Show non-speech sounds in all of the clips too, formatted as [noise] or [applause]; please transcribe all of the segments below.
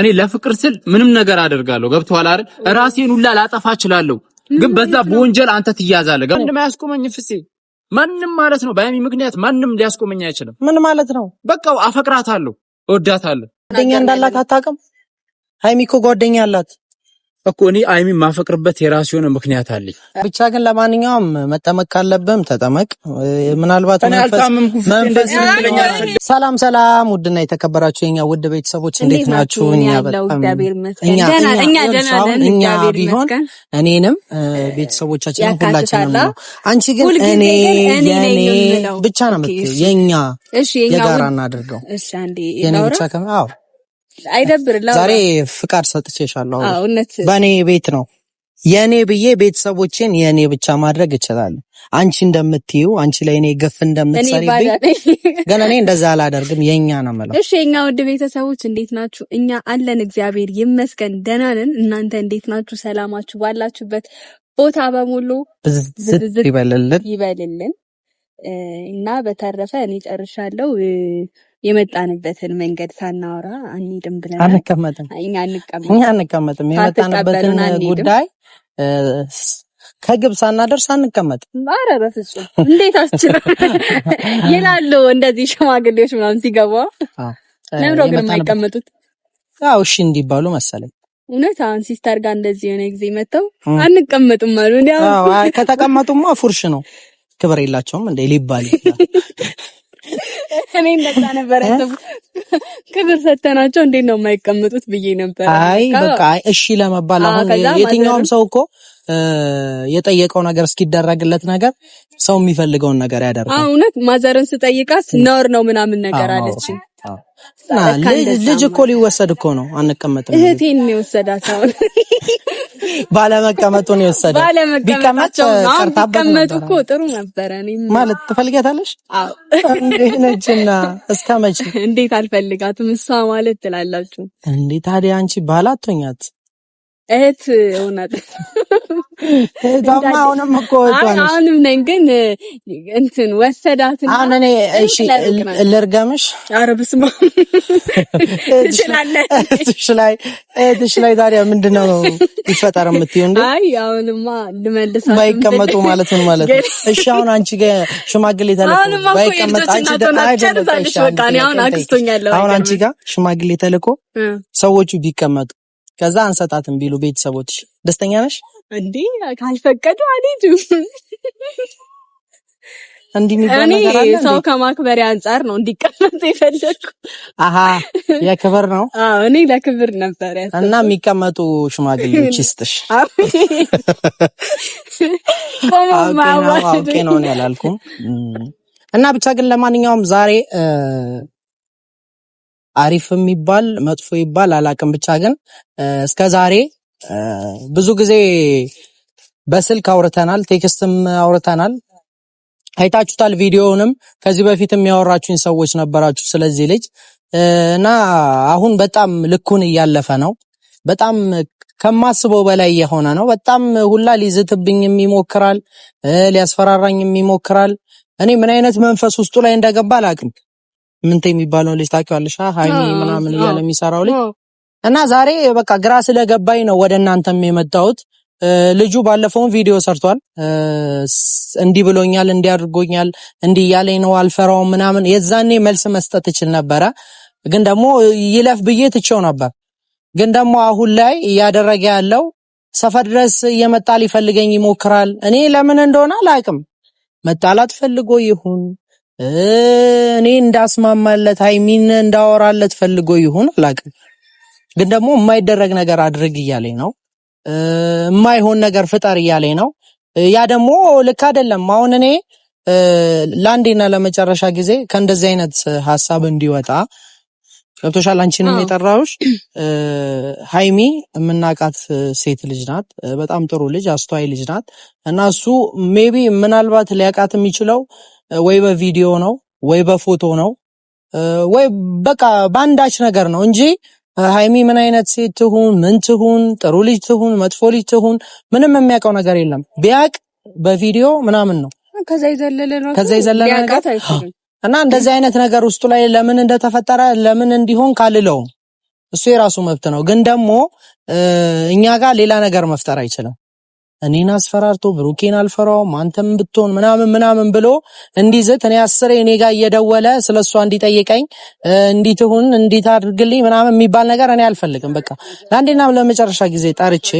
እኔ ለፍቅር ስል ምንም ነገር አደርጋለሁ። ገብቶሃል አይደል? ራሴን ሁላ ላጠፋ እችላለሁ፣ ግን በዛ በወንጀል አንተ ትያዛለህ። ገብ ያስቆመኝ ፍፄ ማንም ማለት ነው። በሀይሚ ምክንያት ማንም ሊያስቆመኝ አይችልም። ምን ማለት ነው? በቃ አፈቅራታለሁ፣ እወዳታለሁ። ጓደኛ እንዳላት አታውቅም። ሀይሚ እኮ ጓደኛ አላት እኮ እኔ አይሚ የማፈቅርበት የራሱ የሆነ ምክንያት አለኝ። ብቻ ግን ለማንኛውም መጠመቅ ካለብህም ተጠመቅ። ምናልባት ሰላም ሰላም፣ ውድና የተከበራችሁ የኛ ውድ ቤተሰቦች እንዴት ናችሁ? እኛ ቢሆን እኔንም ቤተሰቦቻችን ሁላችን ነው። አንቺ ግን እኔ የኔ ብቻ ነው የኛ የጋራ እናድርገው። የኔ ብቻ አይደብር። ዛሬ ፍቃድ ሰጥቼሻለሁ። በእኔ ቤት ነው የእኔ ብዬ ቤተሰቦቼን የእኔ ብቻ ማድረግ እችላለሁ። አንቺ እንደምትዩ አንቺ ላይ እኔ ግፍ እንደምትሰሪብኝ ግን እኔ እንደዛ አላደርግም። የእኛ ነው የምለው። እሺ የእኛ ውድ ቤተሰቦች እንዴት ናችሁ? እኛ አለን እግዚአብሔር ይመስገን ደህና ነን። እናንተ እንዴት ናችሁ? ሰላማችሁ ባላችሁበት ቦታ በሙሉ ይበልልን ይበልልን እና በተረፈ እኔ ጨርሻለሁ። የመጣንበትን መንገድ ሳናወራ አንሄድም ብለን አንቀመጥም። እኛ አንቀመጥም። የመጣንበትን ጉዳይ ከግብ ሳናደርስ አንቀመጥም። ኧረ በፍጹም እንዴት አስችል [laughs] ይላሉ እንደዚህ ሽማግሌዎች ምናምን ሲገባ ለምሮ ግን የማይቀመጡት ያው እሺ እንዲባሉ መሰለኝ። እውነት አሁን ሲስተር ጋር እንደዚህ የሆነ ጊዜ መጥተው አንቀመጥም አሉ። ከተቀመጡማ ፉርሽ ነው። ክብር የላቸውም እንደ ሊባል [laughs] እኔ እንደዛ ነበር ክብር ሰተናቸው እንዴት ነው የማይቀመጡት ብዬ ነበር። አይ በቃ እሺ ለመባል አሁን የትኛውም ሰው እኮ የጠየቀው ነገር እስኪደረግለት ነገር ሰው የሚፈልገውን ነገር ያደርጋል። እውነት ማዘርን ስጠይቃት ነር ነው ምናምን ነገር አለችኝ። ልጅ እኮ ሊወሰድ እኮ ነው። አንቀመጥም። እህቴን ነው አሁን ባለመቀመጡ ነው የወሰደው። ቢቀመጥ ቢቀመጡ እኮ ጥሩ ነበረ ማለት ትፈልጋታለሽ? እንዲህ ነችና እስከ መቼ? እንዴት አልፈልጋትም እሷ ማለት ትላላችሁ እንዴት ታዲያ አንቺ ባል እህት ሆናት [laughs] እህቷማ አሁንም እኮ አሁንም ነኝ። ግን እንትን ወሰዳት። አሁን እኔ እሺ ልርገምሽ። ኧረ በስመ አብ ትችላለህ። እህትሽ ላይ ታዲያ ምንድን ነው ይፈጠር የምትይው እንዴ? አይ አሁንማ ልመልሳት ባይቀመጡ ማለት ነው ማለት ነው። እሺ አሁን አንቺ ጋር ሽማግሌ ተልኮ ባይቀመጥ አንቺ አሁን አክስቶኛለሁ። አሁን አንቺ ጋር ሽማግሌ ተልኮ ሰዎቹ ቢቀመጡ ከዛ አንሰጣትም ቢሉ ቤተሰቦች ደስተኛ ነሽ እንዴ? ካልፈቀዱ አልሄድም። እንዲህ እኔ ሰው ከማክበሪያ አንጻር ነው እንዲቀመጥ የፈለግኩ። አሀ የክብር ነው። አዎ እኔ ለክብር ነበር እና የሚቀመጡ ሽማግሌዎች ይስጥሽ። [laughs] አውቄ ነው ያላልኩም እና ብቻ ግን ለማንኛውም ዛሬ አሪፍም ይባል መጥፎ ይባል አላቅም፣ ብቻ ግን እስከ ዛሬ ብዙ ጊዜ በስልክ አውርተናል፣ ቴክስትም አውርተናል። አይታችሁታል ቪዲዮውንም። ከዚህ በፊት የሚያወራችሁኝ ሰዎች ነበራችሁ ስለዚህ ልጅ እና አሁን በጣም ልኩን እያለፈ ነው። በጣም ከማስበው በላይ የሆነ ነው። በጣም ሁላ ሊዝትብኝም ይሞክራል፣ ሊያስፈራራኝም ይሞክራል። እኔ ምን አይነት መንፈስ ውስጡ ላይ እንደገባ አላቅም። ምንት የሚባለውን ልጅ ታውቂዋለሽ? ሀይሚ ምናምን እያለ የሚሰራው ልጅ እና ዛሬ በቃ ግራ ስለገባኝ ነው ወደ እናንተም የመጣሁት። ልጁ ባለፈውን ቪዲዮ ሰርቷል። እንዲህ ብሎኛል፣ እንዲህ አድርጎኛል፣ እንዲህ እያለኝ ነው አልፈራውም ምናምን። የዛኔ መልስ መስጠት እችል ነበረ፣ ግን ደግሞ ይለፍ ብዬ ትቼው ነበር። ግን ደግሞ አሁን ላይ እያደረገ ያለው ሰፈር ድረስ እየመጣ ሊፈልገኝ ይሞክራል። እኔ ለምን እንደሆነ አላውቅም። መጣላት ፈልጎ ይሁን እኔ እንዳስማማለት ሀይሚን እንዳወራለት ፈልጎ ይሁን አላውቅም፣ ግን ደግሞ የማይደረግ ነገር አድርግ እያለኝ ነው፣ የማይሆን ነገር ፍጠር እያለኝ ነው። ያ ደግሞ ልክ አይደለም። አሁን እኔ ለአንዴና ለመጨረሻ ጊዜ ከእንደዚህ አይነት ሀሳብ እንዲወጣ ገብቶሻል። አንቺንም የጠራሁሽ ሀይሚ የምናውቃት ሴት ልጅ ናት። በጣም ጥሩ ልጅ፣ አስተዋይ ልጅ ናት እና እሱ ሜቢ ምናልባት ሊያውቃት የሚችለው ወይ በቪዲዮ ነው ወይ በፎቶ ነው ወይ በቃ በአንዳች ነገር ነው እንጂ ሃይሚ ምን አይነት ሴት ትሁን ምን ትሁን ጥሩ ልጅ ትሁን መጥፎ ልጅ ትሁን ምንም የሚያውቀው ነገር የለም። ቢያቅ በቪዲዮ ምናምን ነው። ከዛ የዘለለ ነው ከዛ እና እንደዚህ አይነት ነገር ውስጡ ላይ ለምን እንደተፈጠረ ለምን እንዲሆን ካልለውም እሱ የራሱ መብት ነው። ግን ደግሞ እኛ ጋር ሌላ ነገር መፍጠር አይችልም። እኔን አስፈራርቶ ብሩኬን አልፈራውም አንተም ብትሆን ምናምን ምናምን ብሎ እንዲዝት እኔ አስሬ እኔ ጋር እየደወለ ስለሷ እንዲጠይቀኝ እንዲትሁን እንዲታድርግልኝ ምናምን የሚባል ነገር እኔ አልፈልግም። በቃ ለአንዴና ለመጨረሻ ጊዜ ጠርቼ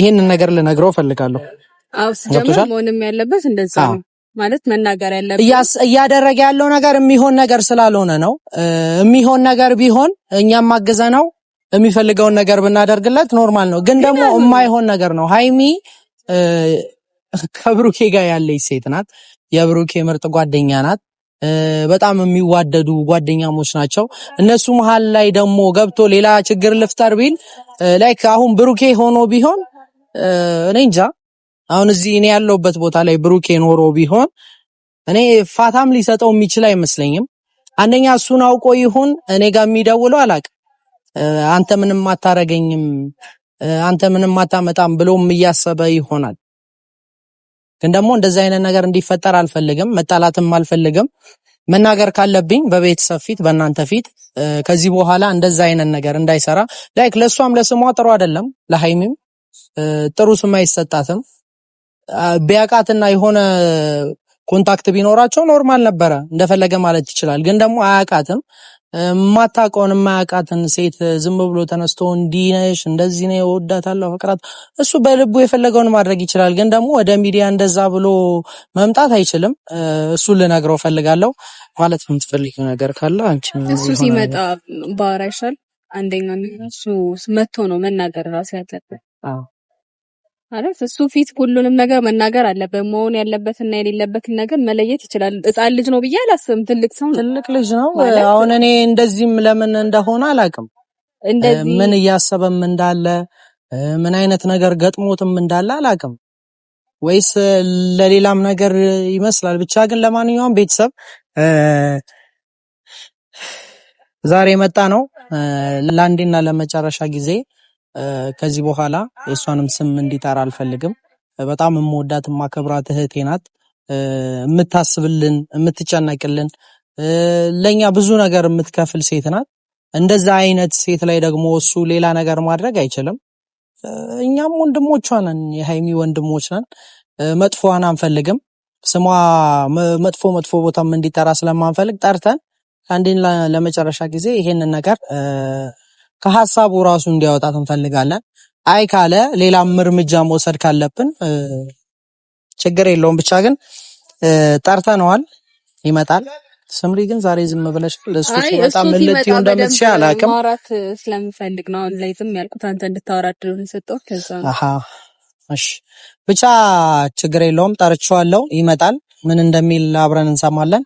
ይሄንን ነገር ልነግረው ፈልጋለሁ። ስጀምር መሆንም ያለበት እንደዛ ነው ማለት መናገር ያለበት እያደረገ ያለው ነገር የሚሆን ነገር ስላልሆነ ነው። የሚሆን ነገር ቢሆን እኛም ማገዘ ነው የሚፈልገውን ነገር ብናደርግለት ኖርማል ነው። ግን ደግሞ የማይሆን ነገር ነው። ሀይሚ ከብሩኬ ጋር ያለች ሴት ናት። የብሩኬ ምርጥ ጓደኛ ናት። በጣም የሚዋደዱ ጓደኛሞች ናቸው። እነሱ መሀል ላይ ደግሞ ገብቶ ሌላ ችግር ልፍጠር ቢል ላይክ አሁን ብሩኬ ሆኖ ቢሆን እኔ እንጃ። አሁን እዚህ እኔ ያለሁበት ቦታ ላይ ብሩኬ ኖሮ ቢሆን እኔ ፋታም ሊሰጠው የሚችል አይመስለኝም። አንደኛ እሱን አውቆ ይሁን እኔ ጋር የሚደውለው አላውቅም አንተ ምንም አታረገኝም፣ አንተ ምንም አታመጣም ብሎም እያሰበ ይሆናል። ግን ደግሞ እንደዚህ አይነት ነገር እንዲፈጠር አልፈልግም፣ መጣላትም አልፈልግም። መናገር ካለብኝ በቤተሰብ ፊት፣ በእናንተ ፊት ከዚህ በኋላ እንደዛ አይነት ነገር እንዳይሰራ። ላይክ ለእሷም ለስሟ ጥሩ አይደለም፣ ለሀይሚም ጥሩ ስም አይሰጣትም። ቢያቃትና የሆነ ኮንታክት ቢኖራቸው ኖርማል ነበረ፣ እንደፈለገ ማለት ይችላል። ግን ደግሞ አያውቃትም። የማታውቀውን የማያውቃትን ሴት ዝም ብሎ ተነስቶ እንዲህ ነሽ፣ እንደዚህ ነው፣ እወዳታለሁ፣ ፍቅራት እሱ በልቡ የፈለገውን ማድረግ ይችላል። ግን ደግሞ ወደ ሚዲያ እንደዛ ብሎ መምጣት አይችልም። እሱ ልነግረው ፈልጋለሁ። ማለት የምትፈልጊው ነገር ካለ አንቺ እሱ ሲመጣ ባወራ ይሻል። አንደኛ እሱ መጥቶ ነው መናገር ራሱ ያለበት ማለት እሱ ፊት ሁሉንም ነገር መናገር አለበት። መሆን ያለበት እና የሌለበትን ነገር መለየት ይችላል። ሕፃን ልጅ ነው ብዬ አላስብም። ትልቅ ሰው ነው፣ ትልቅ ልጅ ነው። አሁን እኔ እንደዚህም ለምን እንደሆነ አላውቅም፣ እንደዚህ ምን እያሰበም እንዳለ ምን አይነት ነገር ገጥሞትም እንዳለ አላውቅም፣ ወይስ ለሌላም ነገር ይመስላል። ብቻ ግን ለማንኛውም ቤተሰብ ዛሬ የመጣ ነው ለአንዴና ለመጨረሻ ጊዜ ከዚህ በኋላ የእሷንም ስም እንዲጠራ አልፈልግም። በጣም የምወዳት የማከብራት እህቴ ናት። የምታስብልን፣ የምትጨነቅልን፣ ለእኛ ብዙ ነገር የምትከፍል ሴት ናት። እንደዛ አይነት ሴት ላይ ደግሞ እሱ ሌላ ነገር ማድረግ አይችልም። እኛም ወንድሞቿ ነን፣ የሀይሚ ወንድሞች ነን። መጥፎዋን አንፈልግም። ስሟ መጥፎ መጥፎ ቦታም እንዲጠራ ስለማንፈልግ ጠርተን አንዴን ለመጨረሻ ጊዜ ይሄንን ነገር ከሀሳቡ ራሱ እንዲያወጣት እንፈልጋለን። አይ ካለ ሌላም እርምጃ መውሰድ ካለብን ችግር የለውም። ብቻ ግን ጠርተነዋል፣ ይመጣል። ስምሪ ግን ዛሬ ዝም ብለሻል። እሱ ሲመጣ ምን ልትይው እንደምትሽ አላውቅም። ማውራት ስለምፈልግ ነው አሁን ላይ ዝም ያልኩት፣ አንተ እንድታወራ ድሩን ሰጠው። ከዛ እሺ፣ ብቻ ችግር የለውም። ጠርቼዋለሁ፣ ይመጣል። ምን እንደሚል አብረን እንሰማለን።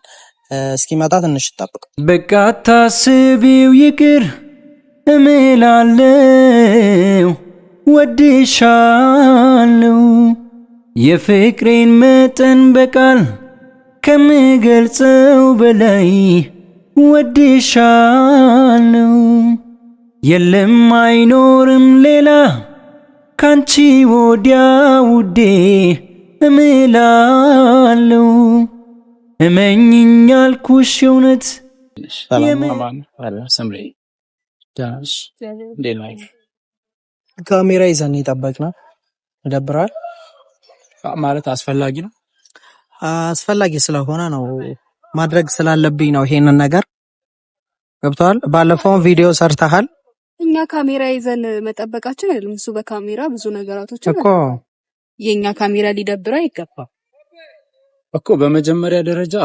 እስኪመጣ ትንሽ ጠብቅ። በቃ ታስቢው ይቅር እምላለው ወድሻለው የፍቅሬን መጠን በቃል ከምገልጸው በላይ ወድሻለው የለም አይኖርም ሌላ ካንቺ ወዲያ ውዴ እምላለው እመኝኛልኩሽ እውነት ካሜራ ይዘን የጠበቅነው ይደብራል። ማለት አስፈላጊ ነው። አስፈላጊ ስለሆነ ነው ማድረግ ስላለብኝ ነው ይሄንን ነገር ገብተዋል። ባለፈውን ቪዲዮ ሰርተሃል። እኛ ካሜራ ይዘን መጠበቃችን አይደለም እሱ በካሜራ ብዙ ነገራቶች እኮ የእኛ ካሜራ ሊደብረው ይገባል እኮ በመጀመሪያ ደረጃ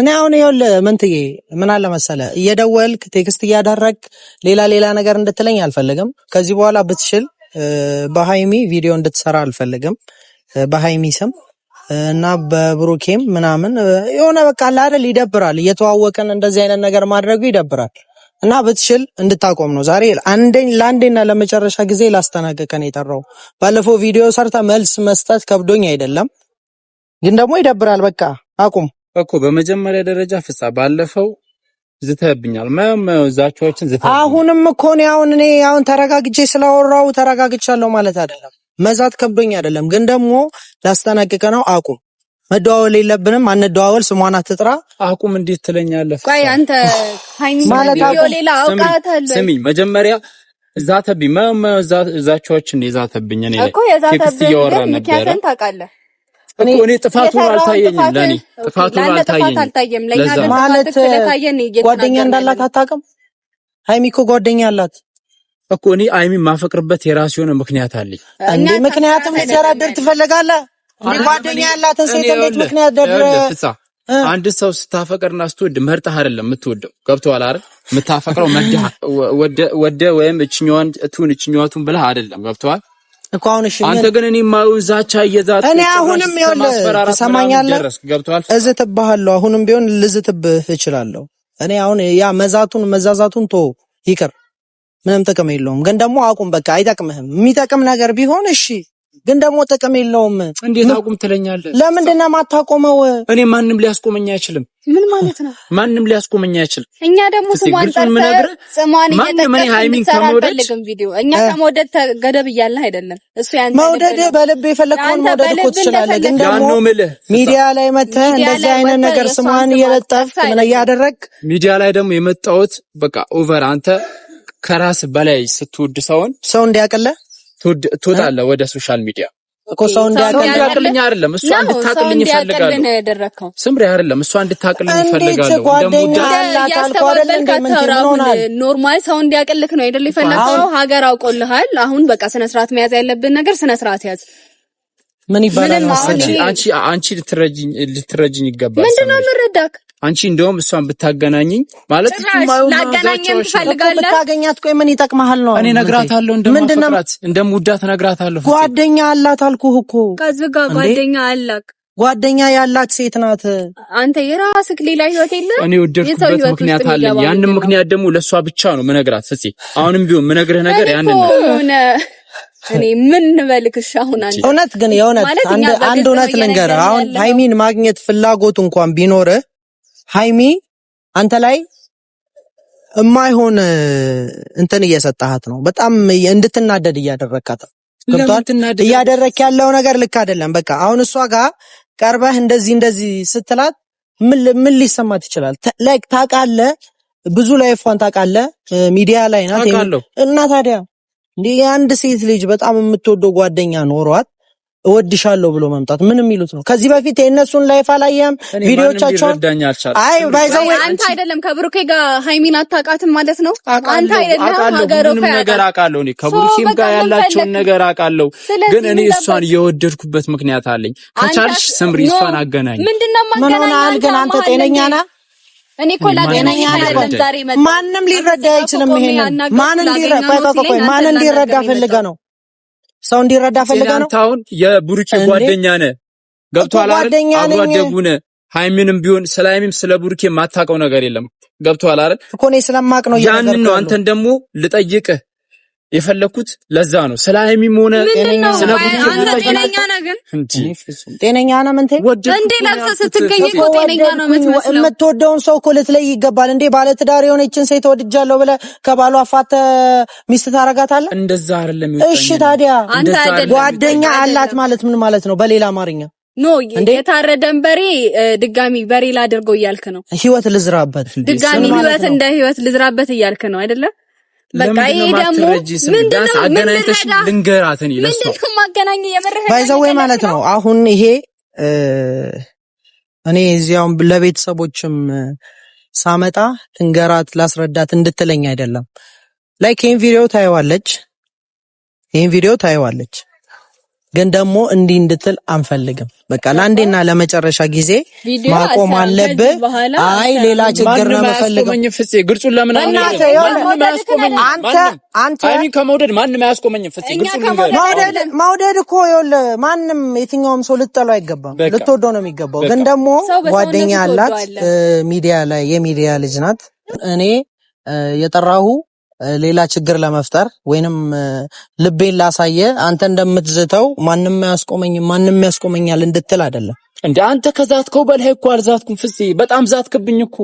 እኔ አሁን ይኸውልህ ምንትዬ ምን አለ መሰለህ እየደወልክ ቴክስት እያደረግክ ሌላ ሌላ ነገር እንድትለኝ አልፈልግም። ከዚህ በኋላ ብትችል በሃይሚ ቪዲዮ እንድትሰራ አልፈልግም፣ በሃይሚ ስም እና በብሩኬም ምናምን የሆነ በቃ አይደል፣ ይደብራል። እየተዋወቅን እንደዚህ አይነት ነገር ማድረጉ ይደብራል። እና ብትችል እንድታቆም ነው ዛሬ አንዴ ለአንዴና ለመጨረሻ ጊዜ ላስተናገቀን የጠራው። ባለፈው ቪዲዮ ሰርተ መልስ መስጠት ከብዶኝ አይደለም፣ ግን ደግሞ ይደብራል። በቃ አቁም። እኮ በመጀመሪያ ደረጃ ፍጻ ባለፈው ዝተብኛል ማየው ዛቻዎችን ዝተ አሁንም እኮ እኔ አሁን እኔ አሁን ተረጋግቼ ስላወራው ተረጋግቻለሁ ማለት አይደለም። መዛት ከብዶኝ አይደለም፣ ግን ደግሞ ላስጠነቅቅ ነው። አቁም፣ መደዋወል የለብንም አንደዋወል፣ ስሟን አትጥራ። አቁም እንዴት ትለኛለህ? ቆይ አንተ ስሚኝ መጀመሪያ ዛተብኝ፣ ማየው ዛቻዎችን የዛተብኝ እኔ እኮ የዛተብኝ ምክንያትን ታውቃለህ እኔ ጥፋቱ አልታየኝም። ለኔ ጥፋቱ አልታየኝም። ለኛ ማለት ጓደኛ እንዳላት አታውቅም። ሀይሚ እኮ ጓደኛ አላት እኮ። እኔ ሀይሚ ማፈቅርበት የራሱ የሆነ ምክንያት አለኝ። እንዴ ምክንያትም ልትደረድር ትፈልጋለህ? ጓደኛ ያላትን ሴት እንዴት ምክንያት ደርድረ አንድ ሰው ስታፈቅርና ስትወድ መርጠህ አይደለም የምትወደው። ገብቶሃል አይደል? የምታፈቅረው መድሃ ወደ ወደ ወይም እችኛዋን እቱን እችኛዋቱን ብለህ አይደለም። ገብቶሃል እኮ አሁን እሺ፣ አንተ ግን እኔ ማውን ዛቻ እየዛት እኔ አሁንም ይኸውልህ ትሰማኛለህ፣ እዝትብሃለሁ። አሁንም ቢሆን ልዝትብህ እችላለሁ። እኔ አሁን ያ መዛቱን መዛዛቱን ቶ ይቅር፣ ምንም ጥቅም የለውም። ግን ደግሞ አቁም፣ በቃ አይጠቅምህም። የሚጠቅም ነገር ቢሆን እሺ ግን ደግሞ ጥቅም የለውም። እንዴት አቁም ትለኛለህ? ለምንድን ነው የማታቆመው? እኔ ማንም ሊያስቆመኝ አይችልም። ምን ማለት ነው? ማንም ሊያስቆመኝ አይችልም። እኛ ደግሞ ስሟን ጠርተህ ስሟን እየጠቀስን ቪዲዮ እኛ ከመውደድ ገደብ እያለህ አይደለም። እሱ ያንተ መውደድ በልብ የፈለግከውን መውደድ እኮ ትችላለህ። ግን ደግሞ ሚዲያ ላይ መተህ እንደዚህ አይነት ነገር ስሟን እየለጠፍክ ምን እያደረግክ ሚዲያ ላይ ደግሞ የመጣሁት በቃ ኦቨር አንተ ከራስ በላይ ስትውድ ሰውን ሰው እንዲያቅልህ ትወጣለህ ወደ ሶሻል ሚዲያ እኮ ሰው እንዲያቀልኝ አይደለም፣ እሷ እንድታቅልኝ ይፈልጋሉ። ስምሪ አይደለም፣ እሷ እንድታቅልኝ ይፈልጋሉ። ኖርማል ሰው እንዲያቅልክ ነው አይደል የፈለገው። ሀገር አውቆልሃል። አሁን በቃ ስነ ስርዓት መያዝ ያለብን ነገር ስነ ስርዓት ያዝ። ምን ይባላል? አንቺ አንቺ ልትረጂኝ ይገባል። ምንድነው የምረዳክ አንቺ እንደውም እሷን ብታገናኝኝ ማለት ላገናኝም ትፈልጋለህ? ብታገኛት ቆይ ምን ይጠቅመሃል ነው? እኔ እነግራታለሁ፣ እንደማፈቅራት እንደምወዳት እነግራታለሁ። ጓደኛ አላት አልኩህ እኮ ከዚህ ጋር ጓደኛ አላት። ጓደኛ ያላት ሴት ናት። አንተ የራስህ ሌላ ህይወት የለ። እኔ ወደድኩበት ምክንያት አለኝ። ያንን ምክንያት ደግሞ ለእሷ ብቻ ነው ምነግራት። ፍፄ አሁንም ቢሆን ምነግርህ ነገር ያንን ነው። እኔ ምን እንበልክሽ አሁን አንተ እውነት ግን የእውነት አንድ እውነት ልንገርህ። አሁን ሃይሚን ማግኘት ፍላጎት እንኳን ቢኖርህ ሀይሚ አንተ ላይ እማይሆን እንትን እየሰጣሃት ነው። በጣም እንድትናደድ እያደረካት እያደረክ ያለው ነገር ልክ አይደለም። በቃ አሁን እሷ ጋር ቀርበህ እንደዚህ እንደዚህ ስትላት ምን ሊሰማት ይችላል? ላይክ ታውቃለህ፣ ብዙ ላይፏን ታውቃለህ፣ ሚዲያ ላይ ናት እና ታዲያ አንድ ሴት ልጅ በጣም የምትወደው ጓደኛ ኖሯት እወድሻለሁ ብሎ መምጣት ምን የሚሉት ነው? ከዚህ በፊት የእነሱን ላይፍ አላየም ቪዲዮቻቸውን አይ ባይዘው አንተ አይደለም ከብሩኬ ጋር ሃይሚን አታውቃትም ማለት ነው። አንተ አይደለም ሀገሩ ነገር አውቃለሁ። እኔ ከብሩኬም ጋር ያላቸውን ነገር አውቃለሁ። ግን እኔ እሷን የወደድኩበት ምክንያት አለኝ። ከቻልሽ ስምሪ እሷን አገናኝ። ምንድነው ማገናኝ? ግን አንተ ጤነኛ ነህ? እኔ እኮ ላገናኝ ማንም ሊረዳ አይችልም። ይሄንን ማንን ሊረዳ ፈልገ ነው ሰው እንዲረዳ ፈልጋ ነው። አሁን የቡሩኬ ጓደኛ ነ ገብቷል አይደል? አብሮ አደጉ ነህ። ሃይሚንም ቢሆን ስለ ሃይሚም ስለ ቡሩኬ የማታውቀው ነገር የለም። ገብቷል አይደል? እኮ እኔ ስለማውቅ ነው። ያንን ነው አንተን ደግሞ ልጠይቅህ የፈለግኩት ለዛ ነው። ስለ ሀይሚም ሆነ ጤነኛ ነው ምን የምትወደውን ሰው እኮ ልትለይ ይገባል እንዴ? ባለትዳር የሆነችን ሴት ወድጃለሁ ብለህ ከባሉ አፋተ ሚስት ታረጋታለህ? እንደዛ አይደለም። እሺ ታዲያ ጓደኛ አላት ማለት ምን ማለት ነው በሌላ አማርኛ? ኖ የታረደን በሬ ድጋሚ በሬ ላድርገው እያልክ ነው። ህይወት ልዝራበት ድጋሚ ህይወት እንደ ህይወት ልዝራበት እያልክ ነው አይደለም? በቃ ይሄ ደግሞ ምንድነው አገናኝተሽ ልንገራት እኔ ለእሷ ምንድነው ማገናኘ የመረህ ባይዘው ማለት ነው። አሁን ይሄ እኔ እዚያው ለቤተሰቦችም ሳመጣ ልንገራት ላስረዳት እንድትለኝ አይደለም። ላይክ ይሄን ቪዲዮ ታየዋለች፣ ይሄን ቪዲዮ ታየዋለች ግን ደግሞ እንዲህ እንድትል አንፈልግም። በቃ ለአንዴና ለመጨረሻ ጊዜ ማቆም አለብህ። አይ ሌላ ችግር ነው የምፈልገው። ግርጹን ለምን አንተ አንተ አይ ከመውደድ ማንም አያስቆመኝም። መውደድ እኮ ይኸውልህ፣ ማንም የትኛውም ሰው ልጠሉ አይገባም፣ ልትወደው ነው የሚገባው። ግን ደግሞ ጓደኛ አላት፣ ሚዲያ ላይ የሚዲያ ልጅ ናት። እኔ የጠራሁ ሌላ ችግር ለመፍጠር ወይንም ልቤን ላሳየ አንተ እንደምትዝተው ማንም ያስቆመኝ ማንም ያስቆመኛል እንድትል አይደለም። እንደ አንተ ከዛትከው በላይ እኮ አልዛትኩም። ፍፄ በጣም ዛትክብኝ እኮ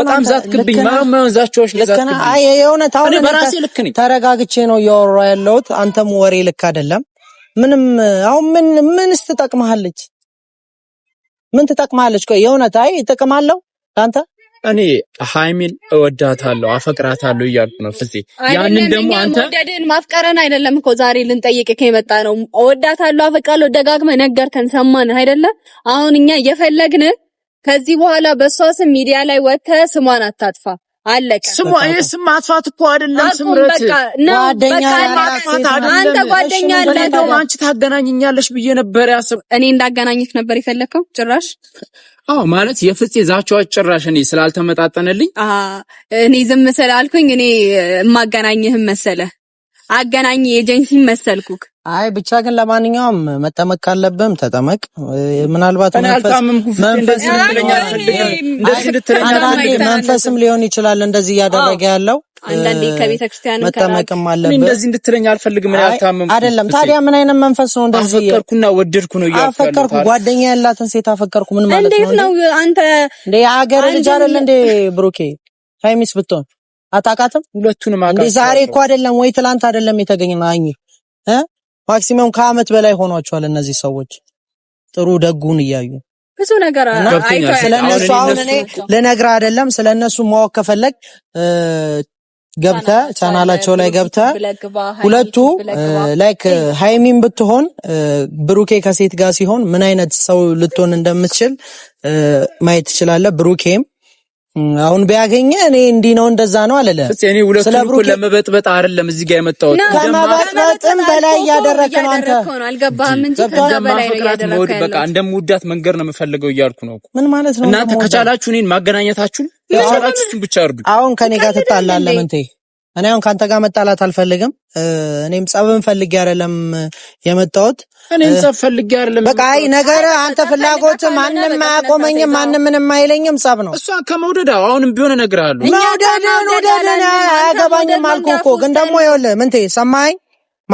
በጣም ዛትክብኝ። ማማውን ዛቻዎች ለዛትክብኝ። አይ የእውነት አሁን በራሴ ልክ ነኝ። ተረጋግቼ ነው እያወራሁ ያለሁት። አንተም ወሬ ልክ አይደለም። ምንም አሁን ምን ምንስ ትጠቅምሃለች? ምን ትጠቅምሃለች? ቆይ የእውነት አይ እጠቅምሃለሁ ለአንተ እኔ ሀይሚን እወዳታለሁ አፈቅራታለሁ እያልኩ ነው ፍፄ። ያንን ደግሞ አንተ ወደድን ማፍቀረን አይደለም እኮ ዛሬ ልንጠይቅህ የመጣ ነው። እወዳታለሁ አፈቅራለሁ ደጋግመ ነገርከን፣ ሰማንህ አይደለም? አሁን እኛ እየፈለግን ከዚህ በኋላ በሷ ስም ሚዲያ ላይ ወጥተ ስሟን አታጥፋ። አለቀ። ስሙ ስም ማጥፋት እኮ አይደለም። ስምረት አንተ ጓደኛ አለ አንቺ ታገናኝኛለሽ ብዬ ነበር ያሰብኩት። እኔ ነበር የፈለከው ጭራሽ። አዎ ማለት የፍጽ ዛቻዎች ጭራሽ እኔ ስላልተመጣጠነልኝ እኔ ዝም ስላልኩኝ እኔ የማገናኝህም መሰለ አገናኝ ኤጀንሲ መሰልኩክ አይ ብቻ ግን ለማንኛውም መጠመቅ ካለብህም ተጠመቅ። ምናልባት መንፈስም ሊሆን ይችላል እንደዚህ እያደረገ ያለው መጠመቅም አለብህ። እንደዚህ እንድትለኝ አልፈልግም። አልታመምኩም አይደለም። ታዲያ ምን አይነት መንፈስ ነው እንደዚህ? አፈቀርኩና ወደድኩ ነው እያልኩ አፈቀርኩ፣ ጓደኛ ያላትን ሴት አፈቀርኩ። ምን ማለት ነው? እንዴት ነው አንተ እንደ የሀገር ልጅ አይደል እንዴ? ብሩኬ ሃይሚስ ብትሆን አታውቃትም? ሁለቱንም አውቃት። ዛሬ እኮ አይደለም ወይ ትላንት አይደለም የተገኘ ነው አኝ ማክሲመም ከአመት በላይ ሆኗቸዋል። እነዚህ ሰዎች ጥሩ ደጉን እያዩ ብዙ ነገር ስለነሱ አሁን እኔ ልነግርህ አይደለም። ስለነሱ ማወቅ ከፈለግ ገብተህ ቻናላቸው ላይ ገብተህ ሁለቱ ላይክ ሃይሚን ብትሆን ብሩኬ ከሴት ጋር ሲሆን ምን አይነት ሰው ልትሆን እንደምትችል ማየት ትችላለህ። ብሩኬም አሁን ቢያገኘ እኔ እንዲህ ነው እንደዛ ነው አለለ። እኔ ሁለቱን እኮ ለመበጥበጥ አይደለም እዚህ ጋር የመጣሁት። ከመበጥበጥም በላይ እያደረግህ ነው አንተ። አልገባህም እንጂ ከዛ በላይ ነው እያደረግህ ያለው። በቃ እንደምወዳት መንገር ነው የምፈልገው እያልኩ ነው። ምን ማለት ነው እናንተ? ከቻላችሁ እኔን ማገናኘታችሁን፣ ከቻላችሁ እሱን ብቻ አድርጉ። አሁን ከኔ ጋር ትጣላለህ ምን ትይ እኔ አሁን ከአንተ ጋር መጣላት አልፈልግም። እኔም ጸብን ፈልጌ አይደለም የመጣሁት። እኔም ጸብ ፈልጌ አይደለም። በቃ አይ ነገር አንተ ፍላጎት ማንም አያቆመኝም፣ ማንም ምንም አይለኝም። ጸብ ነው እሷ ከመውደድ አሁንም ቢሆን እነግርሃለሁ። መውደድን ውደድን አያገባኝም አልኩህ እኮ። ግን ደግሞ ይኸውልህ ምንቴ ሰማኸኝ፣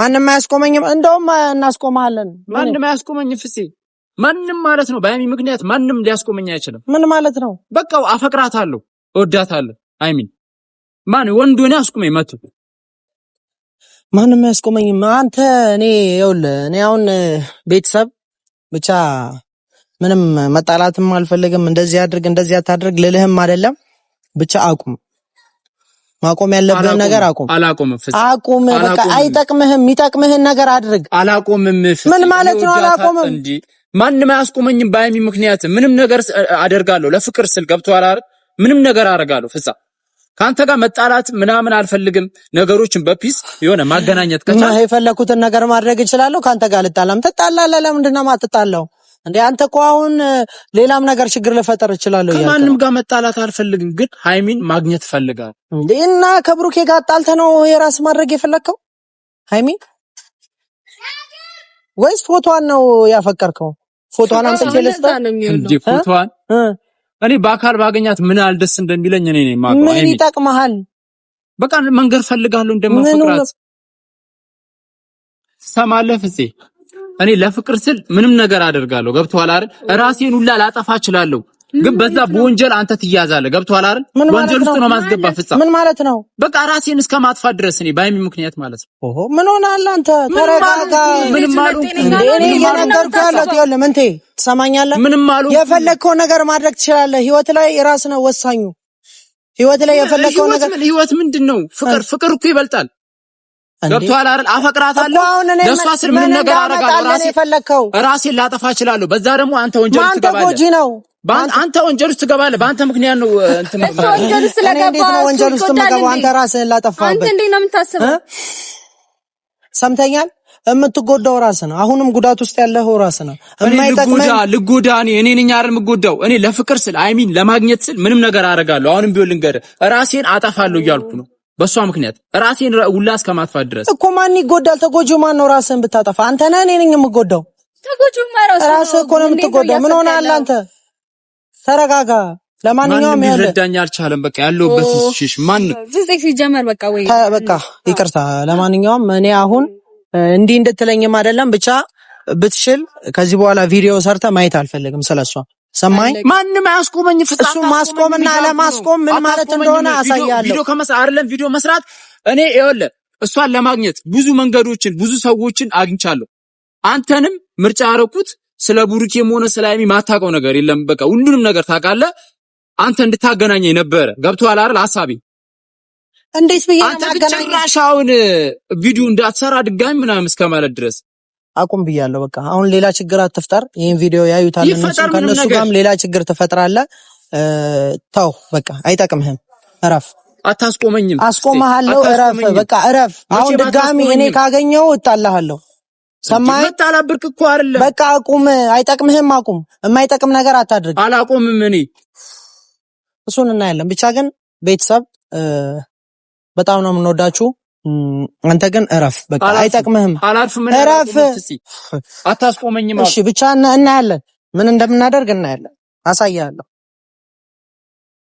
ማንም አያስቆመኝም። እንደውም እናስቆመሃለን። ማንም አያስቆመኝ ፍፄ ማንም ማለት ነው። በአይሚ ምክንያት ማንም ሊያስቆመኝ አይችልም። ምን ማለት ነው? በቃ አፈቅራታለሁ፣ እወዳታለሁ አይሚን ማን ወንድ ሆነ አስቁመኝ መቶ ማንም አያስቆመኝም። አንተ እኔ ይውል እኔ አሁን ቤተሰብ ብቻ ምንም መጣላትም አልፈልግም። እንደዚህ አድርግ እንደዚህ አታድርግ ልልህም አይደለም። ብቻ አቁም፣ ማቆም ያለብህን ነገር አቁም። አላቆምም፣ አቁም። በቃ አይጠቅምህም። የሚጠቅምህን ነገር አድርግ። አላቆምም። ምን ማለት ነው አላቆምም? ማንም አያስቆመኝም። በሀይሚ ምክንያት ምንም ነገር አደርጋለሁ። ለፍቅር ስል ገብቶሃል አይደል? ምንም ነገር አደርጋለሁ ፍጻሜ ከአንተ ጋር መጣላት ምናምን አልፈልግም። ነገሮችን በፒስ የሆነ ማገናኘት ከቻለ የፈለኩትን ነገር ማድረግ እችላለሁ። ከአንተ ጋር ልጣላም ትጣላለህ። ለምንድን ነው የማትጣላው? እንደ አንተ እኮ አሁን ሌላም ነገር ችግር ልፈጠር እችላለሁ። ከማንም ጋር መጣላት አልፈልግም፣ ግን ሃይሚን ማግኘት እፈልጋለሁ። እና ከብሩኬ ጋር ነው የራስ ማድረግ የፈለግከው ሃይሚን ወይስ ፎቶዋን ነው ያፈቀርከው? ፎቶዋን አንተ ልስጥ እንዴ? ፎቶዋን እኔ በአካል ባገኛት ምን ያህል ደስ እንደሚለኝ እኔ ነኝ ማቀው። ምን ይጠቅመሃል? በቃ መንገር ፈልጋለሁ እንደማፈቅራት ሰማለህ ፍፄ። እኔ ለፍቅር ስል ምንም ነገር አደርጋለሁ። ገብቶሃል አይደል? ራሴን ሁላ ላጠፋ እችላለሁ። ግን በዛ በወንጀል አንተ ትያዛለህ። ገብቶሃል አይደል? ወንጀል ውስጥ ነው ማስገባ ፍጻ ምን ማለት ነው? በቃ ራሴን እስከ ማጥፋት ድረስ እኔ በሀይሚ ምክንያት ማለት ነው። ኦሆ ምን ሆነሃል አንተ? ተረጋጋ። ምን ማለት ነው? እኔ እየነገርኩህ ያለሁት ይኸውልህ፣ ምንቴ ትሰማኛለህ? ምንም ማሉ የፈለግከው ነገር ማድረግ ትችላለህ። ህይወት ላይ ራስ ነው ወሳኙ። ህይወት ላይ የፈለግከው ነገር ህይወት ምንድን ነው? ፍቅር ፍቅር እኮ ይበልጣል። ገብቶሃል አይደል? አፈቅራታለሁ። ለእሷ ስል ምንም ነገር አደርጋለሁ። ራሴን ላጠፋ እችላለሁ። በዛ ደግሞ አንተ ወንጀል ትገባለህ። አንተ ጎጂ ነው አንተ ወንጀል ውስጥ ትገባለህ። በአንተ ምክንያት ነው እንትን ወንጀል ውስጥ ለገባህ አንተ ራስህን ላጠፋህ። አንተ እንዴት ነው የምታስበው? ሰምተኛል። የምትጎዳው ራስ ነው። አሁንም ጉዳት ውስጥ ያለው ራስ ነው። ልጎዳ ልጎዳ እኔ እኔ ነኝ አይደል የምጎዳው? እኔ ለፍቅር ስል አይሚን ለማግኘት ስል ምንም ነገር አደርጋለሁ። አሁንም ቢሆን ልንገርህ ራሴን አጠፋለሁ እያልኩ ነው በሷ ምክንያት ራሴን ሁላ እስከ ድረስ እኮ ማን ይጎዳል? ተጎጂው ማን ነው? ራስህን ብታጠፋ አንተ ነህ። እኔ ነኝ የምጎዳው? ተጎጂው ራስህ እኮ ነው የምትጎዳው። ምን ሆነሃል አንተ? ተረጋጋ። ለማንኛውም ሊረዳኝ አልቻለም። በቃ ያለሁበት ሽሽ ማን ሲጀመር በቃ ወይ በቃ ይቅርታ። ለማንኛውም እኔ አሁን እንዲህ እንድትለኝም አይደለም ብቻ ብትሽል ከዚህ በኋላ ቪዲዮ ሰርተ ማየት አልፈልግም ስለሷ። ሰማኝ። ማንም አያስቆመኝ። እሱ ማስቆምና ለማስቆም ምን ማለት እንደሆነ አሳያለሁ። ቪዲዮ ከመስ አይደለም ቪዲዮ መስራት እኔ ይኸውልህ፣ እሷን ለማግኘት ብዙ መንገዶችን ብዙ ሰዎችን አግኝቻለሁ። አንተንም ምርጫ አረኩት። ስለ ቡሩኬም ሆነ ስለ ሃይሚ ማታውቀው ነገር የለም። በቃ ሁሉንም ነገር ታውቃለህ። አንተ እንድታገናኘኝ ነበረ። ገብቶሃል አይደል? ሀሳቤ እንዴት ብዬ አንተ ጭራሽ አሁን ቪዲዮ እንዳትሰራ ድጋሚ ምናምን እስከ ማለት ድረስ አቁም ብያለሁ። በቃ አሁን ሌላ ችግር አትፍጠር። ይህን ቪዲዮ ያዩታል እነሱ ከነሱ ጋርም ሌላ ችግር ትፈጥራለህ። ተው በቃ አይጠቅምህም። እረፍ። አታስቆመኝም። አስቆመሃለሁ። እረፍ በቃ እረፍ። አሁን ድጋሚ እኔ ካገኘው እጣልሃለሁ። ሰማይ ታላብርክ እኮ አይደለም። በቃ አቁም፣ አይጠቅምህም። አቁም፣ የማይጠቅም ነገር አታድርግ። አላቁምም። እኔ እሱን እናያለን። ብቻ ግን ቤተሰብ በጣም ነው የምንወዳችሁ። አንተ ግን እረፍ፣ በቃ አይጠቅምህም። እረፍ፣ አታስቆመኝም። እሺ፣ ብቻ እናያለን፣ ምን እንደምናደርግ እናያለን። አሳያለሁ።